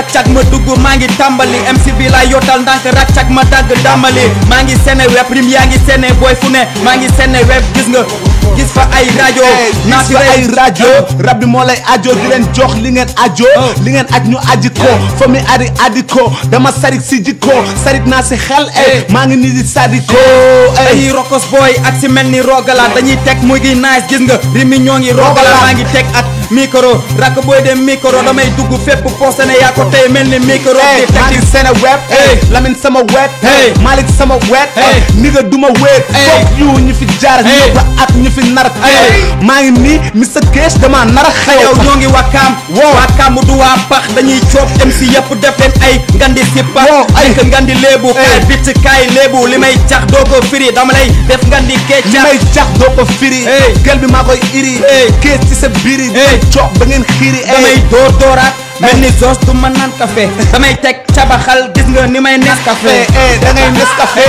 raccak ma dugg maa ngi tàmbali MC bi lay yottal ndànk raccak ma dagg dàmbali maa ngi sene web rim yaa ngi sene maa ngi sene web gis nga gis fa ay rajo eh, gis fa ay rajo eh. rab bi moo lay ajo di leen jox li ngeen ajo eh. li ngeen aj ñu aji ko fa mi ari adi ko dama sarik si jikko sarik naa si xel maa ngi nii di ko dañuy rokos booy ak si mel ni rogala dañuy teg muy ngi nice gis nga rimi ñoo ngi rogala maa ngi teg ak micro rakk booy dem micro damay dugg fépp posé ne yaa ko tey mel ni micro. di tekki seen web. Lamine sama sama web. ni nga duma wéet. foog yu ñu fi jaar maa ngi nii Mr Cash dama nar a xew. ñoo ngi wakkaam. woo wakkaam du waa pax dañuy coob dem si yëpp def leen ay ngandi si pax. ay que ngandi léebu. kaay bit kaay léebu li may cax doo ko firi li may cax doo ko firi. gel bi maa koy iri. kees ci sa biir. ngeen ba ngeen xiiri ay eh. damay door dooraat mel ni zos du ma naan café damay teg cabaxal gis nga ni may nes café eh, eh, da ngay nes café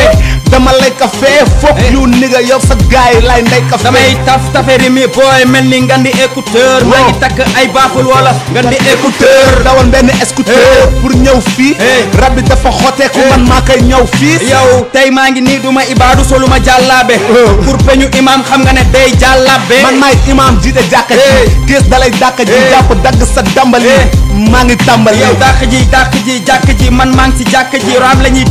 dama lay kafe foog eh. yu nigga yow sa gaay lay ndey kafe damay taf tafe rimi booy mel ni nga di écouteur maa ngi oh. takk ay baaful wala nga di écouteur eh. dawal benn écouteur eh. pour ñëw fii rab bi dafa xoteeku man maa koy ñëw fii yow tey maa ngi nii duma ibaadu solu ma jàllaabe oh. pour peñu imam xam nga ne day jàllaabe man maay imam jiite jàkka ji gis dalay dàkka ji jàpp dagg sa dambali maa ngi tàmbali yow dàkk ji dàkk ji jàkk ji man maa ngi si jàkk ji rab la ñuy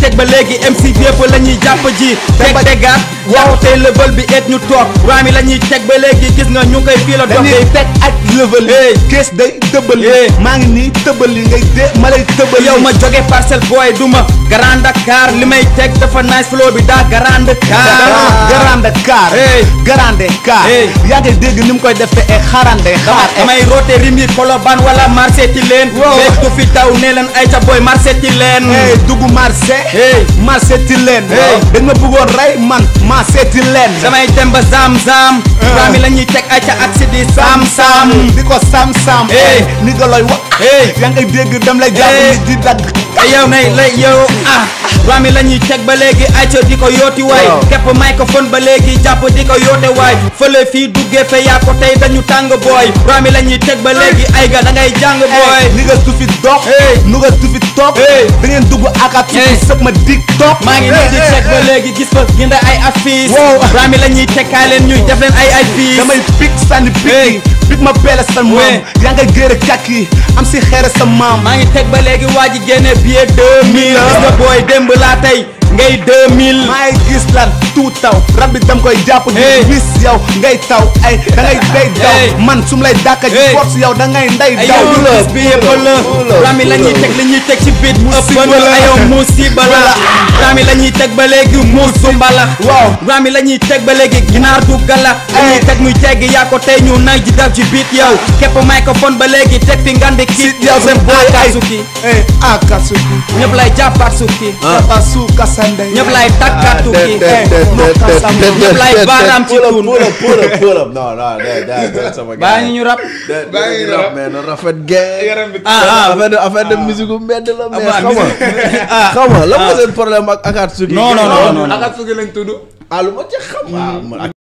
ji teg ba tegaat waaw level bi et ñu tok waa mi la ñuy ba legi gis nga ñu koy fi la dox day tek ak level hey kess day tëbbal ma ngi ni tëbbal li ngay dee ma lay tëbbal yow ma joge parcel boy duma Grand Dakar limay tek dafa nice flow bi da Grand Dakar Grand Dakar Grand Dakar ya de deg nim koy def e eh, xarande ah, xaar eh. may roté rimi yi ban wala marché ti len léegi ku fi taw ne len ay ta boy marché ti leen dugu marché marché ti len dañ ma bëggoon rey man maa seeti leen samay dem ba zam zam ah. lañuy mi teg ay ca aksi di di ko sam sam eh ni nga looy wax eh yaa ngay dégg dem lay jàpp eh. di dagg yow nay lay yow ah rami la ñuy teg ba léegi ay ca di ko yooti waay képp microphone ba léegi jàpp di ko yoote waay fële fii duggee fe yaa ko tey dañu tàng booy rami la ñuy teg ba léegi ay ga da ngay jàng booy ni nga su fi dox nu nga su fi toog da ngeen dugg akat su sëb ma dig toog maa ngi nii di teg ba léegi gis fa ginda ay affiche rami la ñuy teg kaay leen ñuy def leen ay ay damay pik sànni pik bit ma beele sa maam yaa ngay géré kàkk yi am si xeere sa maam maa ngi teg ba léegi waa ji génne billet deux mille ah. nga booy démb laa tey ngay deux mille maay gis lan tout taw rab bi dam koy jàpp di gis yow ngay taw ay da ngay daw man su ma lay dàkka ji force yow da ngay nday daw bi yëpp la rami la ñuy teg la ñuy teg ci bit mu ëpp la ayow musiba la raami la ñuy teg ba léegi muus su mbalax waaw raami la ñuy teg ba léegi ginaar du galax dañuy eh. teg muy tegg yaa ko tey ñu nay di def ci biit yow képp microphone ba léegi teg fi ngandi kii yow seen boy Akatsuki eh, Akatsuki ñëpp lay jàppaat suki ah. jàppaat su kasande ñëpp lay takkaat suki ah, eh, ñëpp lay baaraam ci tuun non non baa ngi ñu rab baa ngi ñu rab mais na rafet gee ah ah affaire de ah. musique bu mbedd la mais xam nga xam nga lan moo seen problème ak Akatsuki. non non non Akatsuki lañ tudd. ah lu ma ci xam. Mm.